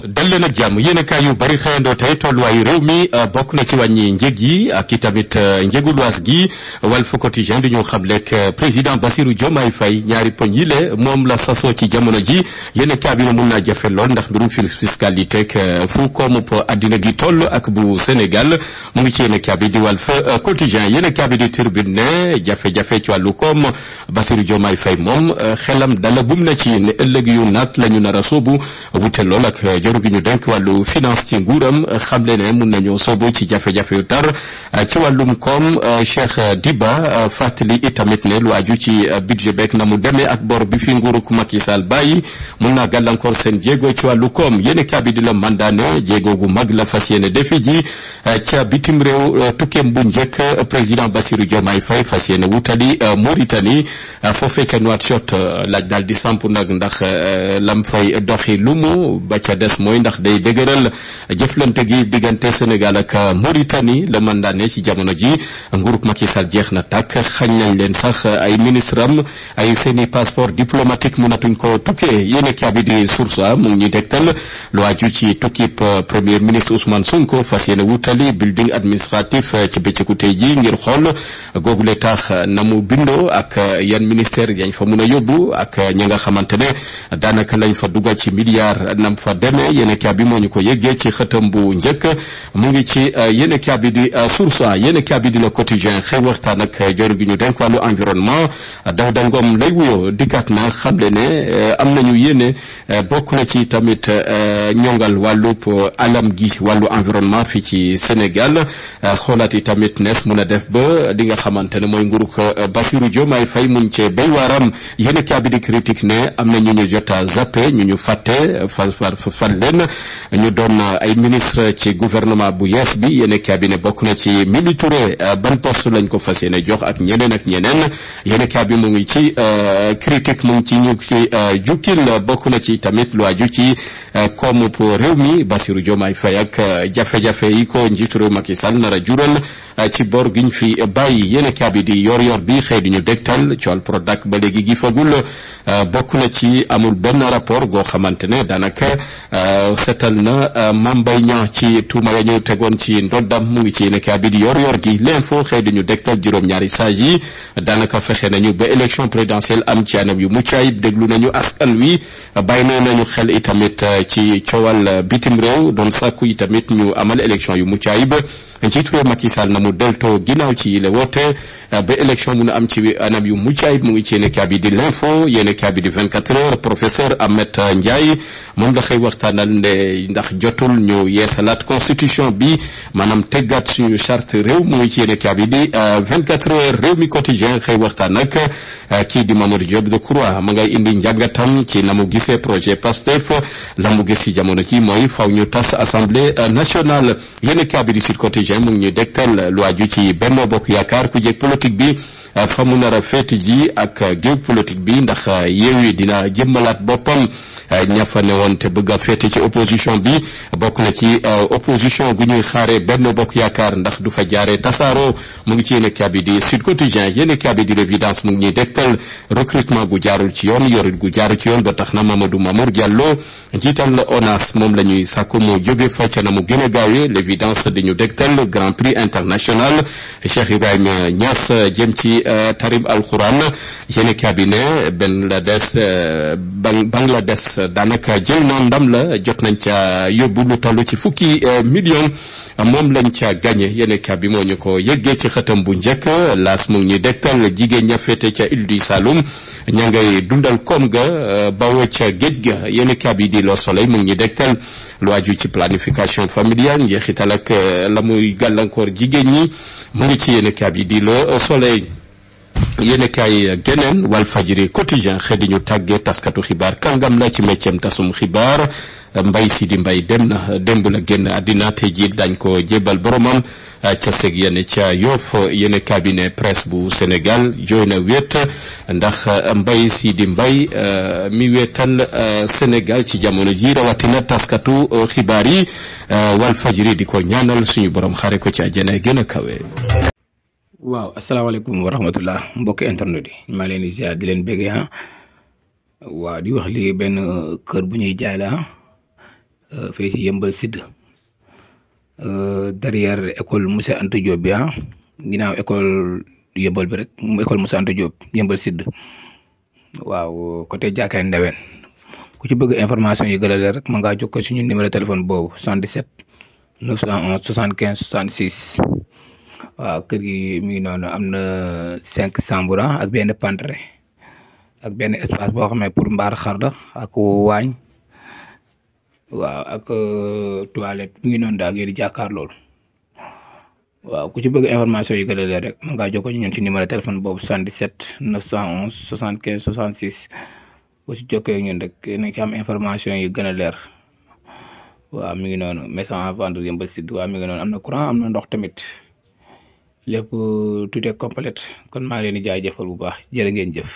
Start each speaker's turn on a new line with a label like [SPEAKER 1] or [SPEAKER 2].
[SPEAKER 1] ko dal leen ak jàmm yéen a yu bari xëyandoo tey tolluwaayu réew mi euh, bokk na ci wàññi njeg yi ak i tamit euh, njëgu luwaas gi Walf Quotidien di ñu xam lekk euh, président Bassirou Diomaye fay ñaari poñ yile moom la sasoo ci jamono ji yéen a kaay bi ne mun naa jafe lool ndax mbirum fiscalité ak fu koomu àddina gi toll ak bu Sénégal mu ngi ci yéen a kaay bi di Walf Quotidien yéen a kaay di Tribune ne jafe-jafe ci wàllu kom Bassirou Diomaye fay moom xelam dala gum ci ne ëllëg yu naat la nar soobu jëru gi ñu dénk wàllu finance ci nguuram xamle ne mun nañoo soobu ci jafe-jafe yu tar ci wàllum koom Cheikh Diba fàttali itamit ne lu aju ci budget beeg na mu demee ak bor bi fi nguuruk Macky Sall bàyyi mun naa gàllankoor seen jéego ci wàllu koom yéen kaabi di la mandaane jéego gu mag la fas yéene defe ji ca bitim réew tukkeem bu njëkk président Bassirou Diomaye Faye fas yéene wutali euh, Mauritanie euh, foofee ca Nouakchott euh, laaj dal di samp nag ndax lam fay doxi lu mu ba ca mooy ndax day dëgëral jëflante gi diggante Sénégal ak Mauritanie la mandaane ci jamono ji nguurug Macky Sall jeex na tàkk xañ lañ leen sax ay ministre am ay seeni passeport diplomatique mënatuñ ko tukkee yéen kaabi di source mu ngi ñuy tegtal lu aju ci tukkib premier ministre Ousmane Sonko fas yéene wutali building administratif eh, ci bëccëgu tey ji ngir xool googule tax na mu bindoo ak yan ministère yañ fa mun a yóbbu ak ñi nga xamante ne daanaka lañ fa dugal ci milliard nam yéenekaay bi moo ñu ko yëggee ci xëtam bu njëkk mu ngi ci euh, yéenekaay bi di euh, Source A yéenekaay bi di Le Quotidien xëy waxtaan ak jor gi ñu denk wàllu environnement da Ngom lay wuyoo dikkaat na xamle ne euh, am na ñu yéene bokk na ci tamit ñongal wàllub alam gi wàllu environnement fii ci Sénégal xoolaat yi tamit nees mun a def ba li nga xamante ne mooy nguurug Bassirou Diomaye Faye muñ cee béy waaram yéenekaay di critique ne am na ñu ñu jot a ñu ñu fàtte fa leen ñu doon ay ministre ci gouvernement bu yees bi yéen cabinet bokk na ci Mimi Touré ban poste lañ ko fas yéene jox ak ñeneen ak ñeneen yéen cabinet mu ngi ci euh, critique mu ngi ci ñu ci euh, jukkil bokk na ci tamit lu aju ci euh, koomu réew mi Bassirou Diomaye fay ak jafe-jafe yi ko njiitu réew Macky Sall nar a jural ci bor gi ñu fi bàyyi yéen cabinet di yor-yor bi xëy di ñu dégtal cool Prodac ba léegi gi fagul bokk na ci amul benn rapport goo xamante ne daanaka. setal euh, na euh, Mame Mbaye Niang ci tuuma ya ñu tegoon ci ndoddam mu ngi ci yéen a bi di yor-yor gi l'info xëy di ñu dégtal juróom-ñaari saa yi daanaka fexe nañu ba élection présidentielle am ci anam yu mucc ayib déglu nañu askan wi bàyyi nañu xel itamit euh, ci coowal bitim réew doon sàkku itamit ñu amal élection yu mucc ayib. njiitu réew Macky na mu deltoo ginnaaw ci yile woote eh, ba élection mun a am ci anam yu mucc ayib mu ngi ci yéenekaay bi di l'info yéenekaay bi di 24 heures professeur Ahmed Ndiaye moom la waxtaan al ne ndax jotul ñu yeesalaat constitution bi maanaam teggaat suñu charte réew mu ngi ci yéenekaay bi eh, vingt 24 heures réew mi quotidien xëy waxtaan nag eh, kii di Mamadou Diop Decroix ma ngay indi njàngatam ci na mu gisee projet PASTEF la mu gis ci jamono ji mooy faw ñu tas assemblée nationale yéenekaay quotidien mu ñu dekkal dégtal lu aju ci benn Bokk Yaakaar ku jeeg politique bi fa mu nar a féeti ji ak géew politique bi ndax Yewwi dina jëmmalaat boppam ña fa ne woon te bëgg a féete ci opposition bi bokk na ci euh, opposition gu ñuy xaare benn bokk yaakaar ndax du fa jaaree tasaaro mu ngi ci yéen kaabi di Sud Quotidien yéen kaabi di l'évidence mu ngi ñuy dektal recrutement gu jaarul ci yoon yorit gu jaarul ci yoon ba tax na Mamadou Mamour Diallo njiital la ONAS moom la ñuy sàkku mu jóge fa ca na mu gën a gaawee l'évidence di ñu dektal Grand Prix international Cheikh Ibrahima Niass jëm ci euh, tarib alquran yéen kaabi ne benn la des euh, Bangladesh daanaka jël na ndam la jot nañ ca yóbbu lu toll ci fukki eh, million moom lañ ca gagné yenn ka bi moo ñu ko yëggee ci xëtam bu njëkk laas mu ngi ñuy dégtal jigéen ña féete ca île du Saloum ña ngay dundal koom ga eh, bawoo ca géej ga yenn ka yi di la Soleil mu ngi ñuy dégtal lu aju ci planification familiale njeexital ak eh, la muy gàllankoor jigéen ñi mu ngi ci yéen ka bi di Le Soleil. yéen kaay geneen Walfadjri quotidien xëy di ñu tàggee taskatu xibaar kàngam la ci mécceem tasum xibaar mbay si di mbay dem na demb la génn àddina te ji dañ ko jébal boromam ca seeg yene ca Yoff yene cabinet presse bu senegal jooy na wéet ndax mbay si di mbay euh, mi wéetal euh, Sénégal ci jamono ji rawatina taskatu euh, xibaar yi Walfadjri di ko ñaanal suñu borom xare ko ci àjjana gën a kawe
[SPEAKER 2] waaw asalaamaaleykum wa rahmatullah mbokki internet yi maa leen di ziar di leen bëggee ah. waaw di wax lii benn uh, kër bu ñuy jaay la ah uh, fii si Yeumbeul Sud uh, derrière école Moussa Anta Diop bi ah ginnaaw école Yeumbeul bi rek école Moussa Anta Diop Yeumbeul Sud waaw côté Jaakaay Ndewen ku ci bëgg information yi gën a leer rek mën ngaa jokkoo suñu numéro téléphone boobu 77 911 75 66. waaw kër gi mi ngi noonu am na cinq chambres ah ak benn pentre ak benn espace boo xam pour mbaar xar la ak waañ waaw ak euh, toilette mi ngi noonu daal ngeen di jàkkaar waaw ku ci bëgg information yi gën a leer rek mën ngaa jokkoo ñun ci numéro téléphone boobu 77 911 75 66 bu si jokkee ñun rek nañ ci am information yi gën a leer waaw mi ngi noonu message en vente yëmbal si waaw mi ngi noonu am na courant am na ndox tamit. lépp tout est complète kon maa ngi leen di jaajëfal bu baax jërë ngeen jëf.